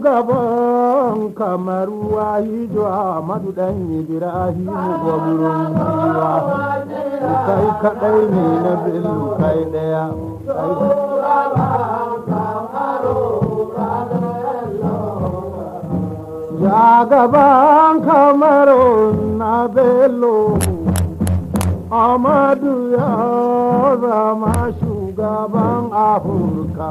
gaban kamaru wahidu ahmadu dan ibrahim gwamurin giwa kai kaɗai ne na bilu kai ɗaya. ya gaban kamaru na bello amadu ya zama shugaban afirka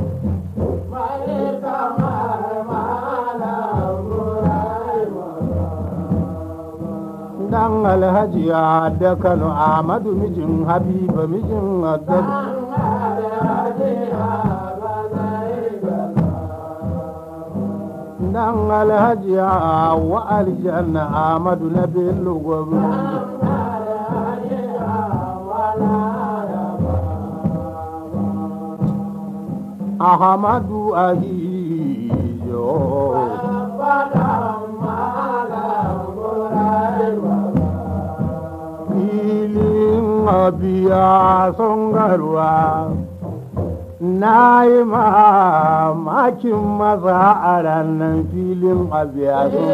dan alhaji da kano amadu mijin habiba mijin addar dan alhaji wa aljanna amadu na bello gobe Ahamadu Ahiyo biya sun garuwa na yi mamakin maza a ranar filin abiya sun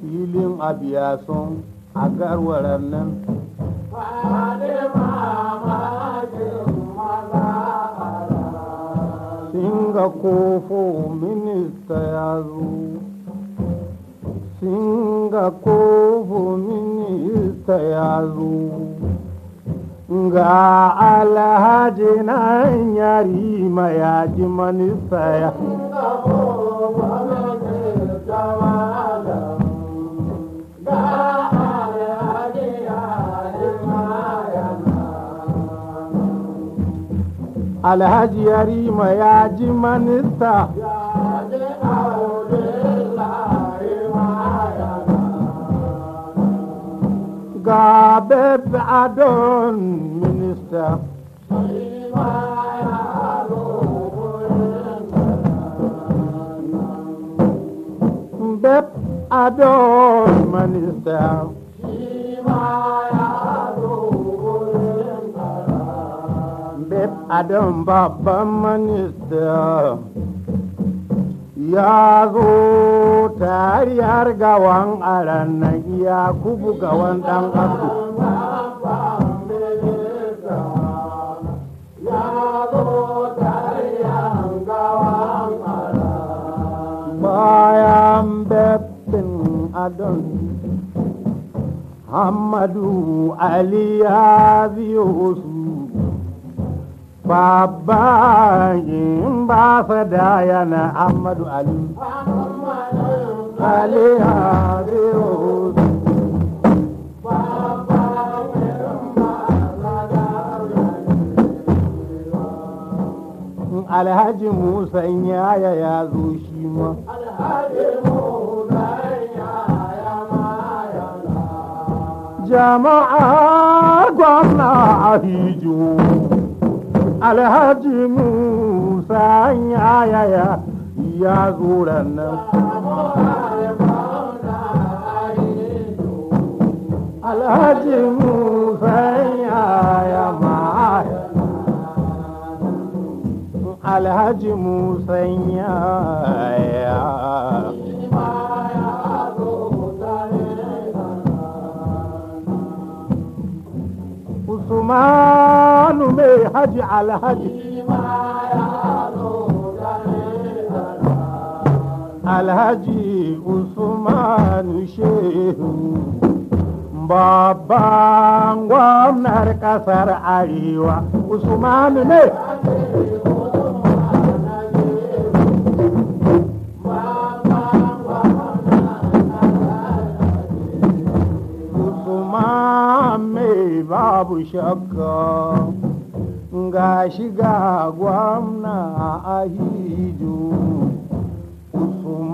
filin abiya sun a garwaran nan ga kofo minista ya zo singa kofo minista ya zo ga alhaji nan yari ma ya alhaji yarima ya ji manista ga bebe adon minista beb adon minista adam baba manista ya zo tariyar gawan a ranar ya kubu gawan dan abu hamadu ali ya biyo Baba yin ba fada yana Ahmadu Ali. Ali Habibu. Alhaji Musa yaya ya zo shi ma. Alhaji Musa ya ma yana. Jama'a gwamna a hijo. alhaji musa yaya ya zura nan alhaji musa yaya ma alhaji musa yaya Usman alhaji alhaji alhaji usman shehu babban gwamnar kasar arewa usman ne babu shakka ga shiga gwamna a hijo usman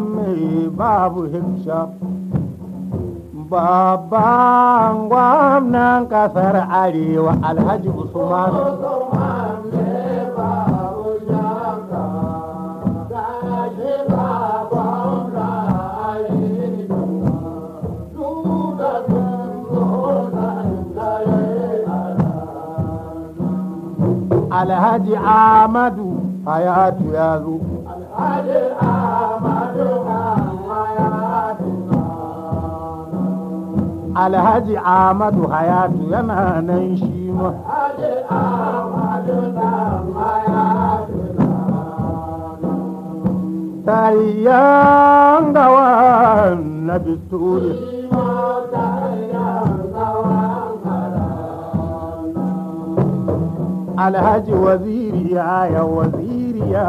mai babu hiksha babban gwamnan kasar arewa alhaji usman alhaji amadu hayatu ya zo alhaji amadu hayatu alhaji amadu hayatu yana nan shi ma alhaji amadu hayatu tayyan gawa na bituri alhaji waziri ya ya waziri ya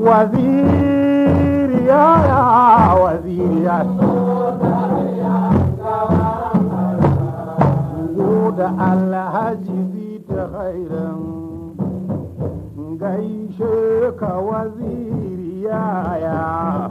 waziri ya ya da alhaji zita hairan gaishe ka waziri ya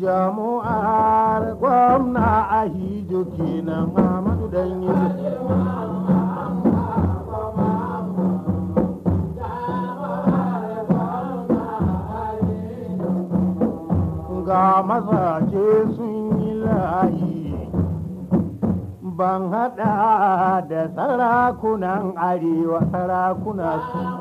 jama'ar gwamna a hijo kenan mamadu dan yi ga mazaje sun yi layi ban hada da sarakunan arewa sarakuna su